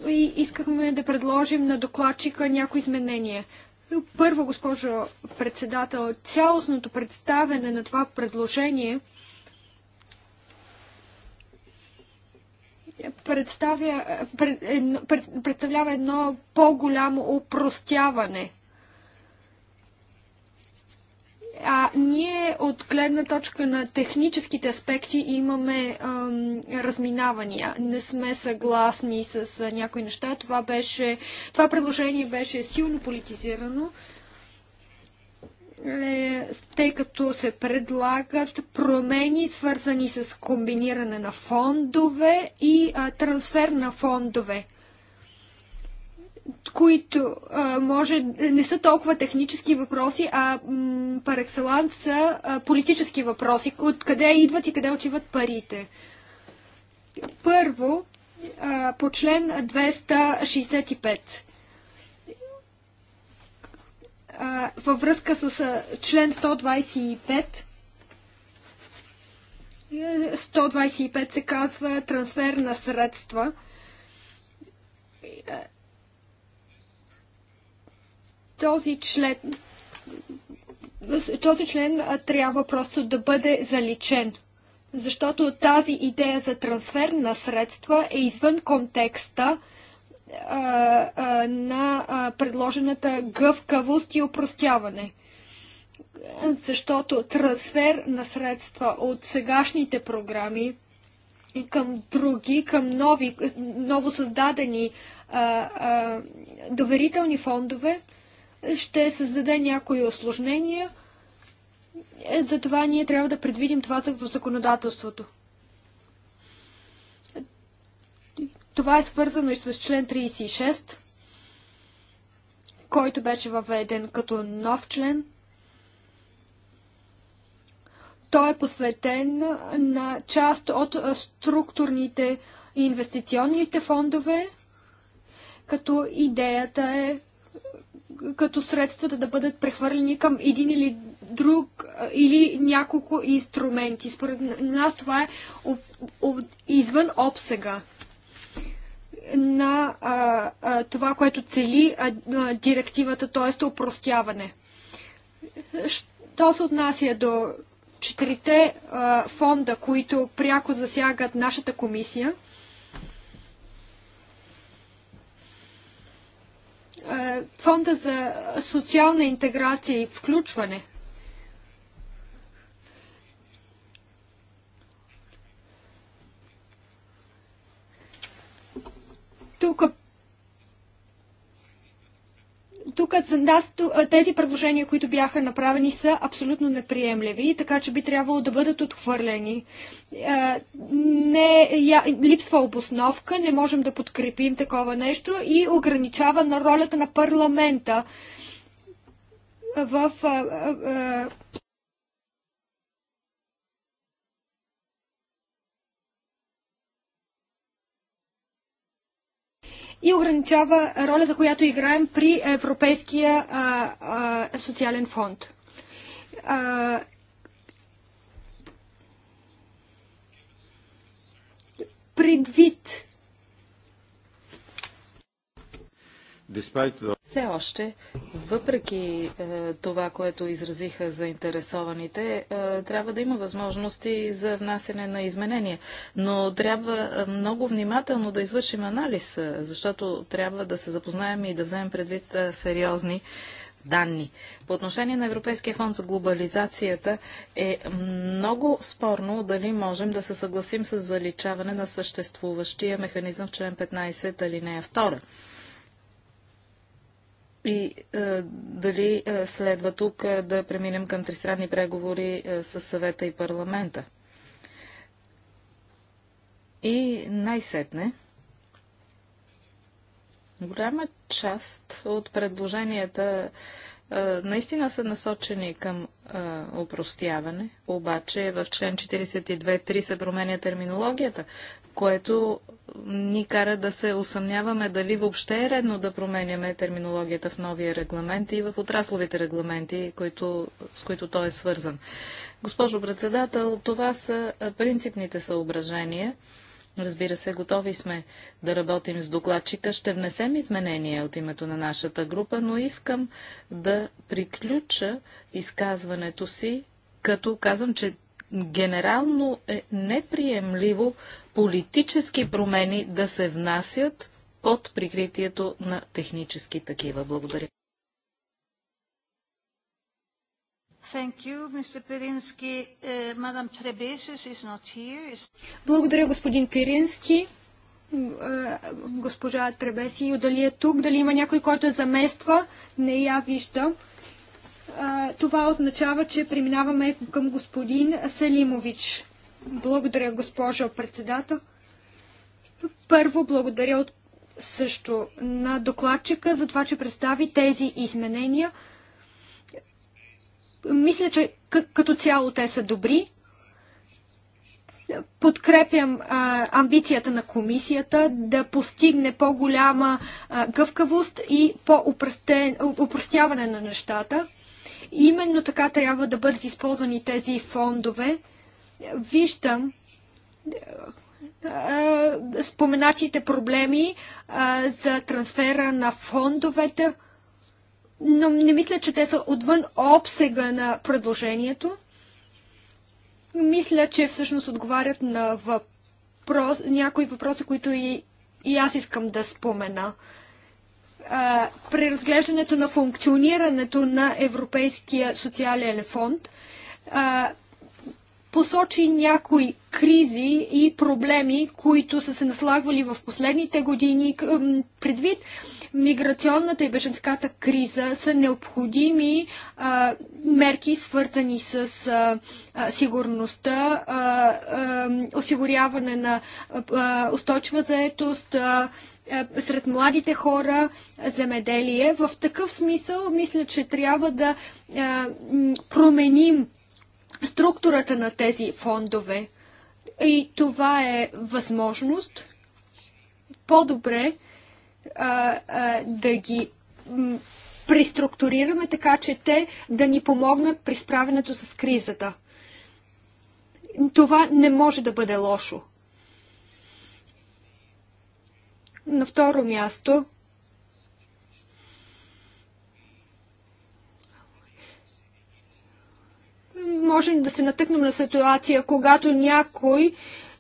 и искахме да предложим на докладчика някои изменения. Първо, госпожо председател, цялостното представяне на това предложение представя, пред, пред, представлява едно по-голямо упростяване – а ние от гледна точка на техническите аспекти имаме ам, разминавания. Не сме съгласни с а, някои неща. Това, беше, това предложение беше силно политизирано, е, тъй като се предлагат промени, свързани с комбиниране на фондове и а, трансфер на фондове които а, може не са толкова технически въпроси, а парекселанс са а, политически въпроси. Откъде идват и къде отиват парите? Първо, а, по член 265 във връзка с член 125. 125 се казва трансфер на средства този член този член а, трябва просто да бъде заличен. Защото тази идея за трансфер на средства е извън контекста а, а, на предложената гъвкавост и упростяване. Защото трансфер на средства от сегашните програми към други, към нови, а, доверителни фондове, ще създаде някои осложнения. Затова ние трябва да предвидим това в законодателството. Това е свързано и с член 36, който беше въведен като нов член. Той е посветен на част от структурните и инвестиционните фондове, като идеята е като средствата да бъдат прехвърлени към един или друг или няколко инструменти. Според нас това е извън обсега на а, а, това, което цели а, а, директивата, т.е. упростяване. Що се отнася до четирите а, фонда, които пряко засягат нашата комисия – Е, фонда за социална интеграция и включване. Тук тук тези предложения, които бяха направени, са абсолютно неприемливи, така че би трябвало да бъдат отхвърлени. Не, я, липсва обосновка, не можем да подкрепим такова нещо и ограничава на ролята на парламента в и ограничава ролята, която играем при Европейския а, а, социален фонд. А, предвид Все още, въпреки е, това, което изразиха заинтересованите, е, трябва да има възможности за внасене на изменения. Но трябва е, много внимателно да извършим анализ, защото трябва да се запознаем и да вземем предвид сериозни данни. По отношение на Европейския фонд за глобализацията е много спорно дали можем да се съгласим с заличаване на съществуващия механизъм в член 15 алинея 2 и а, е, дали а, е, следва тук а, е, да преминем към тристранни преговори а, с съвета и парламента. И най-сетне, голяма част от предложенията е, наистина са насочени към а, е, упростяване, обаче в член 42.3 се променя терминологията, което ни кара да се усъмняваме дали въобще е редно да променяме терминологията в новия регламент и в отрасловите регламенти, които, с които той е свързан. Госпожо председател, това са е, принципните съображения. Разбира се, готови сме да работим с докладчика. Ще внесем изменения от името на нашата група, но искам да приключа изказването си, като казвам, че генерално е неприемливо политически промени да се внасят под прикритието на технически такива. Благодаря. Uh, благодаря, господин Пирински. Госпожа Требеси, дали е тук, дали има някой, който е замества? Не я виждам. Това означава, че преминаваме към господин Селимович. Благодаря, госпожо председател. Първо, благодаря от също на докладчика за това, че представи тези изменения – мисля, че като цяло те са добри. Подкрепям а, амбицията на комисията да постигне по-голяма гъвкавост и по-упростяване на нещата. Именно така трябва да бъдат използвани тези фондове. Виждам а, споменатите проблеми а, за трансфера на фондовете но не мисля, че те са отвън обсега на предложението. Мисля, че всъщност отговарят на въпрос, някои въпроси, които и, и аз искам да спомена. А, разглеждането на функционирането на Европейския социален фонд – а, посочи някои кризи и проблеми, които са се наслагвали в последните години. Предвид миграционната и беженската криза са необходими а, мерки, свързани с а, сигурността, а, а, осигуряване на а, устойчива заетост. А, сред младите хора земеделие. В такъв смисъл мисля, че трябва да променим структурата на тези фондове. И това е възможност по-добре да ги преструктурираме така, че те да ни помогнат при справянето с кризата. Това не може да бъде лошо. На второ място, можем да се натъкнем на ситуация, когато някой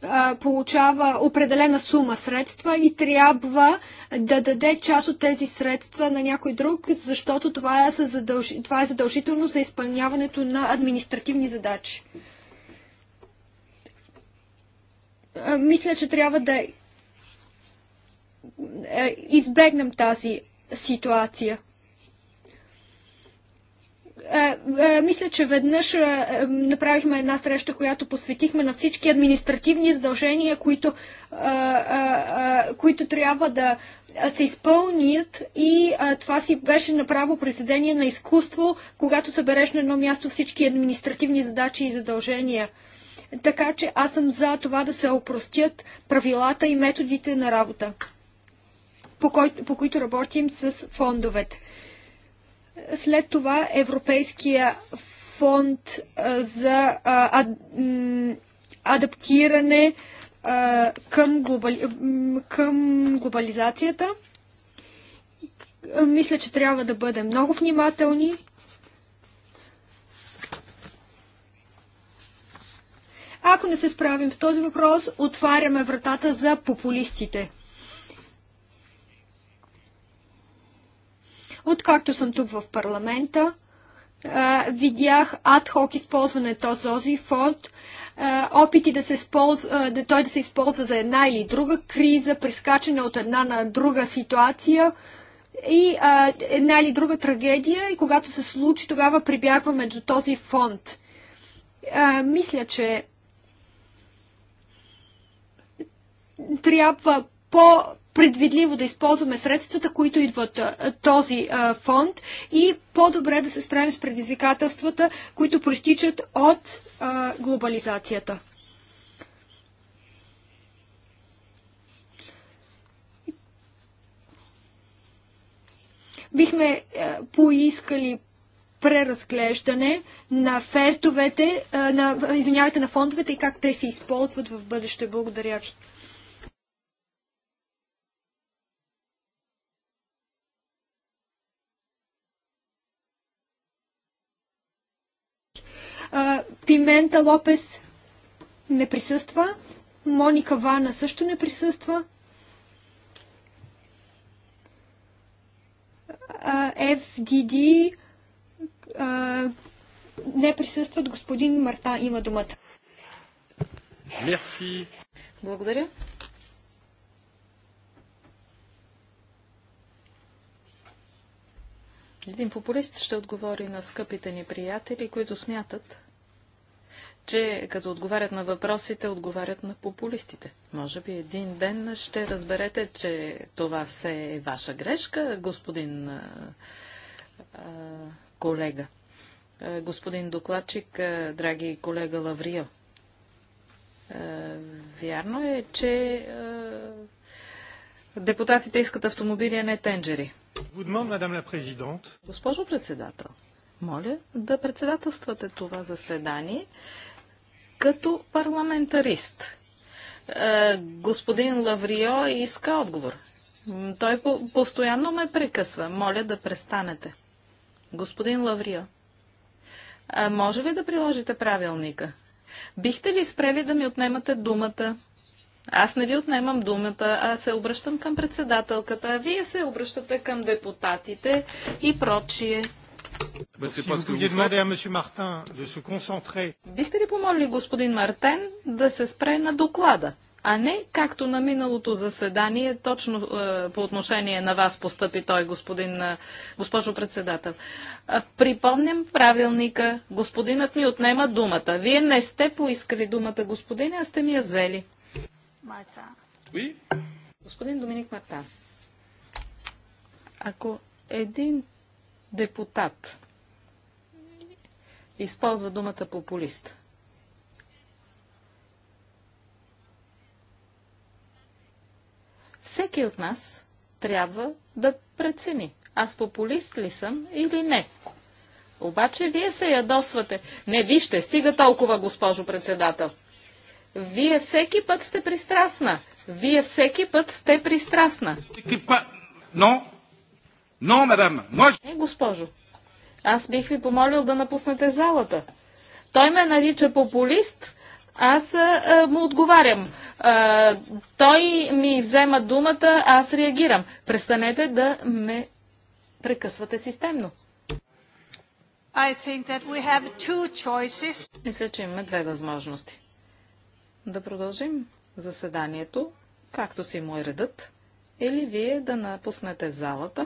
а, получава определена сума средства и трябва да даде част от тези средства на някой друг, защото това е, задълж... това е задължително за изпълняването на административни задачи. А, мисля, че трябва да е, избегнем тази ситуация мисля, че веднъж направихме една среща, която посветихме на всички административни задължения, които, които трябва да се изпълнят и а, това си беше направо произведение на изкуство, когато събереш на едно място всички административни задачи и задължения. Така че аз съм за това да се опростят правилата и методите на работа, по, кой, по които работим с фондовете. След това Европейския фонд за адаптиране към, глобали... към глобализацията. Мисля, че трябва да бъдем много внимателни. Ако не се справим с този въпрос, отваряме вратата за популистите. Откакто съм тук в парламента, видях адхок използване този този фонд, опити да се използва, да той да се използва за една или друга криза, прескачане от една на друга ситуация и една или друга трагедия и когато се случи, тогава прибягваме до този фонд. мисля, че трябва по предвидливо да използваме средствата, които идват този фонд и по-добре да се справим с предизвикателствата, които проистичат от глобализацията. бихме е, поискали преразглеждане на фестовете, е, на, извинявайте, на фондовете и как те се използват в бъдеще. Благодаря ви. Пимента Лопес не присъства. Моника Вана също не присъства. FDD не присъстват. Господин Марта има думата. Мерси. Благодаря. Един популист ще отговори на скъпите ни приятели, които смятат, че като отговарят на въпросите, отговарят на популистите. Може би един ден ще разберете, че това все е ваша грешка, господин а, а, колега. А, господин докладчик, а, драги колега Лаврио. А, вярно е, че а, депутатите искат автомобили, а не тенджери. Госпожо председател, моля да председателствате това заседание като парламентарист. Е, господин Лаврио иска отговор. Той постоянно ме прекъсва. Моля да престанете. Господин Лаврио, може ли да приложите правилника? Бихте ли спрели да ми отнемате думата? Аз не ви отнемам думата, а се обръщам към председателката, а вие се обръщате към депутатите и прочие. Бихте ли помолили господин Мартен да се спре на доклада, а не както на миналото заседание, точно е, по отношение на вас постъпи той, господин, е, госпожо председател. Е, припомням правилника, господинът ми отнема думата. Вие не сте поискали думата, господине, а сте ми я взели. Марта. Oui? Господин Доминик Мартан. Ако един депутат използва думата популист. Всеки от нас трябва да прецени, аз популист ли съм или не. Обаче вие се ядосвате. Не, вижте, стига толкова, госпожо председател. Вие всеки път сте пристрастна. Вие всеки път сте пристрастна. Но но, мадам, може... Не, госпожо, аз бих ви помолил да напуснете залата. Той ме нарича популист, аз а, му отговарям. А, той ми взема думата, аз реагирам. Престанете да ме прекъсвате системно. I think that we have two choices. Мисля, че имаме две възможности. Да продължим заседанието, както си му е редът, или вие да напуснете залата,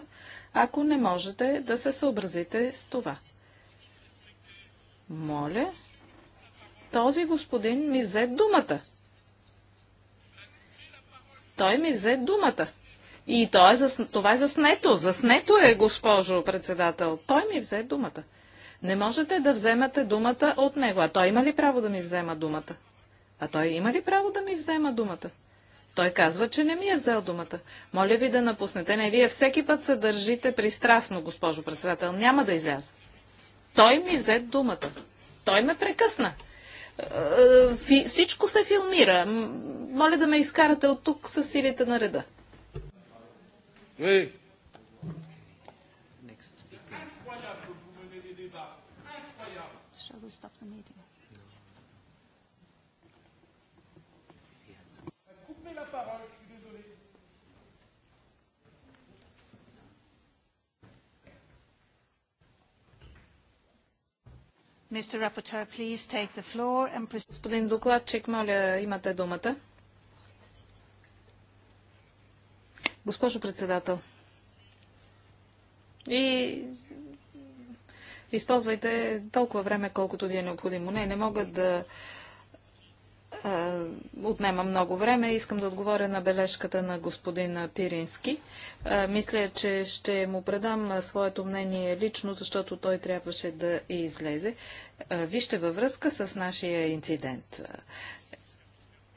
ако не можете да се съобразите с това. Моля, този господин ми взе думата. Той ми взе думата. И той е зас... това е заснето. Заснето е, госпожо председател. Той ми взе думата. Не можете да вземате думата от него. А той има ли право да ми взема думата? А той има ли право да ми взема думата? Той казва, че не ми е взел думата. Моля ви да напуснете. Не, вие всеки път се държите пристрастно, госпожо председател. Няма да изляза. Той ми взе думата. Той ме прекъсна. Е, е, фи... Всичко се филмира. Моля да ме изкарате от тук с силите на реда. Hey. Господин докладчик, моля, имате думата. Госпожо председател, и използвайте толкова време, колкото ви е необходимо. Не, не мога да е, отнема много време. Искам да отговоря на бележката на господин Пирински. Е, мисля, че ще му предам своето мнение лично, защото той трябваше да излезе. Е, вижте във връзка с нашия инцидент.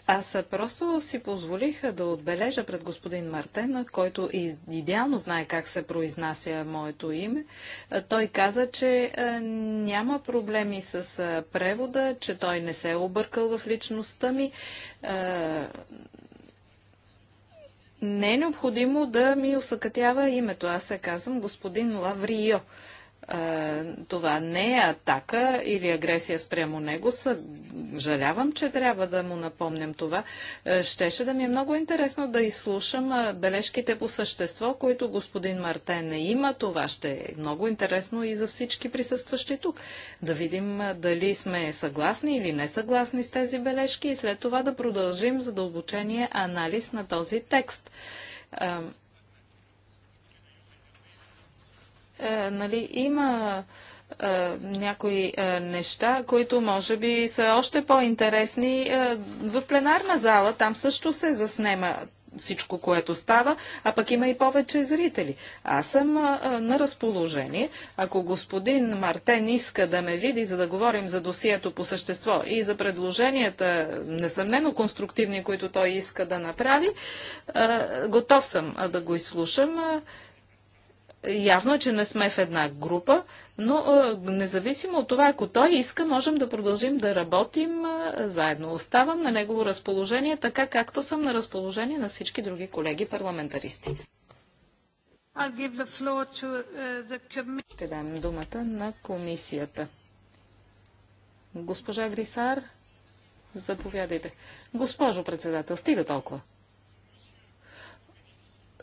Аз просто си позволих да отбележа пред господин Мартен, който идеално знае как се произнася моето име. Той каза, че няма проблеми с превода, че той не се е объркал в личността ми не е необходимо да ми усъкътява името. Аз се казвам господин Лаврио. Е, това не е атака или агресия спрямо него. Съжалявам, че трябва да му напомням това. Е, щеше да ми е много интересно да изслушам е, бележките по същество, които господин Мартен не има. Това ще е много интересно и за всички присъстващи тук. Да видим дали сме съгласни или не съгласни с тези бележки и след това да продължим задълбочения анализ на този текст. е, нали, има е, някои е, неща, които може би са още по-интересни е, в пленарна зала. Там също се заснема всичко, което става, а пък има и повече зрители. Аз съм а, на разположение. Ако господин Мартен иска да ме види, за да говорим за досието по същество и за предложенията, несъмнено конструктивни, които той иска да направи, а, готов съм а, да го изслушам. Явно е, че не сме в една група, но независимо от това, ако той иска, можем да продължим да работим заедно. Оставам на негово разположение, така както съм на разположение на всички други колеги парламентаристи. Uh, Ще дам думата на комисията. Госпожа Грисар, заповядайте. Госпожо председател, стига толкова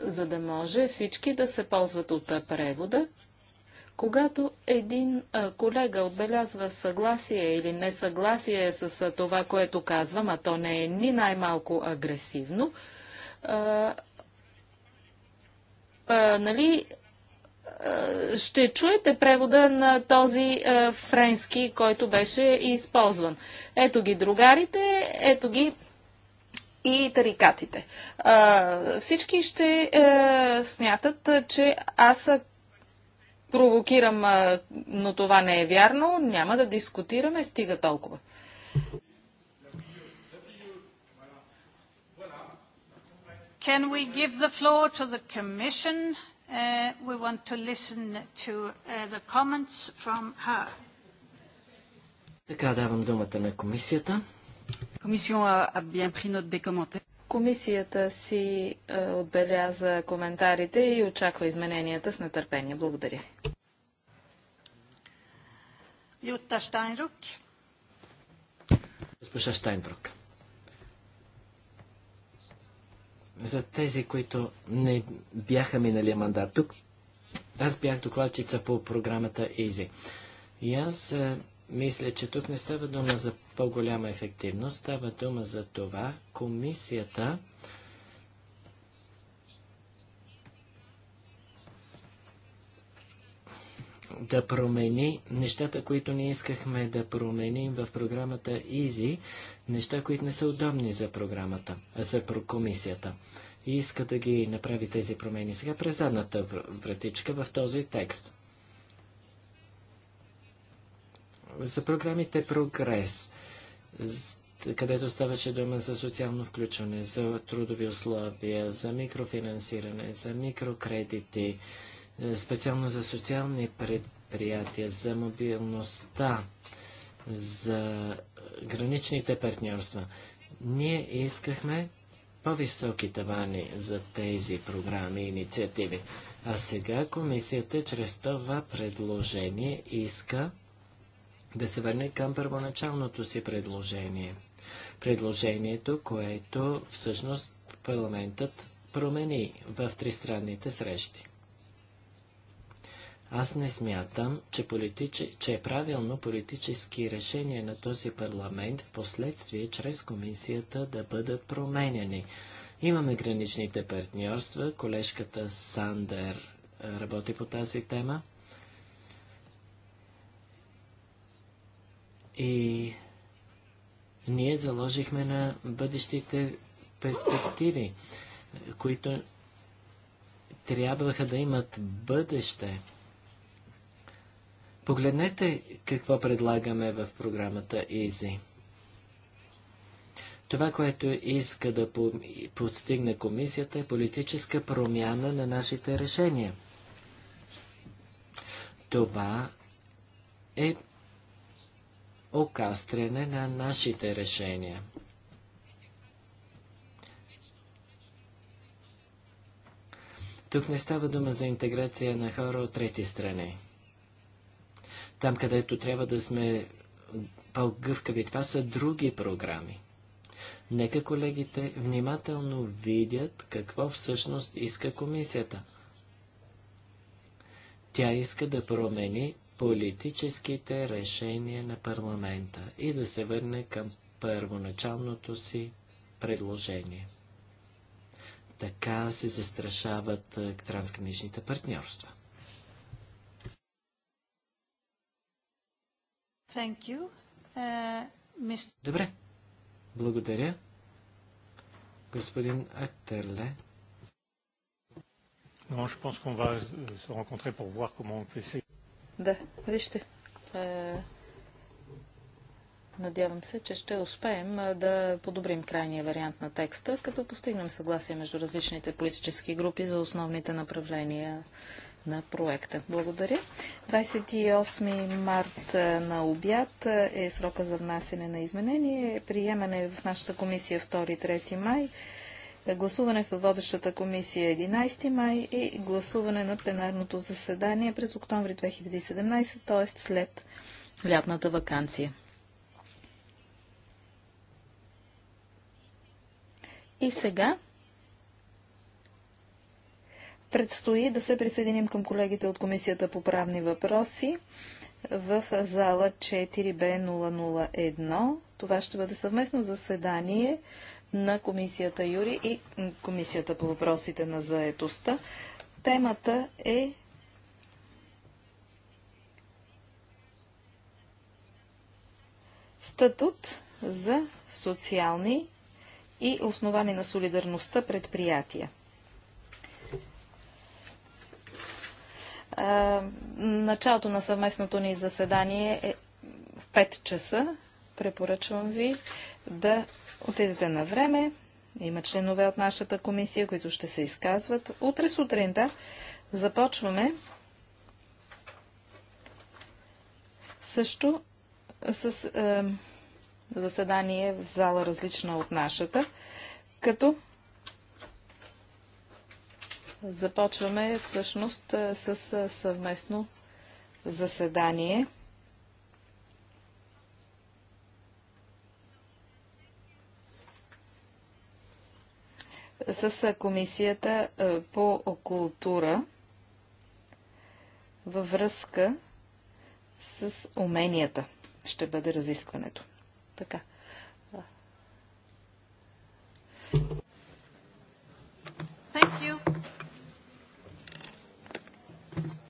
за да може всички да се ползват от превода. Когато един колега отбелязва съгласие или несъгласие с това, което казвам, а то не е ни най-малко агресивно, а, а, нали, а, ще чуете превода на този а, френски, който беше използван. Ето ги другарите, ето ги и тарикатите. А, Всички ще а, е, смятат, че аз провокирам, а, но това не е вярно. Няма да дискутираме, стига толкова. Can we give the floor to the Commission? Uh, we want to listen to uh, the comments from her. Така давам думата на комисията. Комисията си е, отбеляза коментарите и очаква измененията с нетърпение. Благодаря ви. Юта Штайнрук. Госпожа Штайнрук. За тези, които не бяха миналия мандат тук, аз бях докладчица по програмата ЕЗИ. И аз е, мисля, че тук не става дума за по-голяма ефективност, става дума за това комисията да промени нещата, които ние искахме да променим в програмата EASY, неща, които не са удобни за програмата, за комисията. И иска да ги направи тези промени сега през задната вратичка в този текст. за програмите Прогрес, където ставаше дума за социално включване, за трудови условия, за микрофинансиране, за микрокредити, е, специално за социални предприятия, за мобилността, за граничните партньорства. Ние искахме по-високи тавани за тези програми и инициативи. А сега комисията чрез това предложение иска да се върне към първоначалното си предложение. Предложението, което всъщност парламентът промени в тристранните срещи. Аз не смятам, че, политич... че е правилно политически решения на този парламент в последствие чрез комисията да бъдат променени. Имаме граничните партньорства, колежката Сандер е, работи по тази тема. И ние заложихме на бъдещите перспективи, които трябваха да имат бъдеще. Погледнете какво предлагаме в програмата EASY. Това, което иска да подстигне комисията е политическа промяна на нашите решения. Това е окастрене на нашите решения. Тук не става дума за интеграция на хора от трети страни. Там, където трябва да сме по-гъвкави, това са други програми. Нека колегите внимателно видят какво всъщност иска комисията. Тя иска да промени политическите решения на парламента и да се върне към първоначалното си предложение. Така се застрашават трансграничните партньорства. Uh, mis... Добре. Благодаря. Господин Актерле. Non, je pense qu'on va se rencontrer pour voir comment on peut essayer. Да, вижте. Е, надявам се, че ще успеем е, да подобрим крайния вариант на текста, като постигнем съгласие между различните политически групи за основните направления на проекта. Благодаря. 28 март е, на обяд е срока за внасене на изменение. Приемане в нашата комисия 2-3 май гласуване в водещата комисия 11 е май и гласуване на пленарното заседание през октомври 2017, т.е. след лятната вакансия. И сега предстои да се присъединим към колегите от Комисията по правни въпроси в зала 4B001. Това ще бъде съвместно заседание на комисията Юри и комисията по въпросите на заетостта. Темата е статут за социални и основани на солидарността предприятия. началото на съвместното ни заседание е в 5 часа. Препоръчвам ви да Отидете на време. Има членове от нашата комисия, които ще се изказват. Утре сутринта започваме също с е, заседание в зала различна от нашата, като започваме всъщност е, с е, съвместно заседание. с Комисията по култура във връзка с уменията. Ще бъде разискването. Така. Thank you.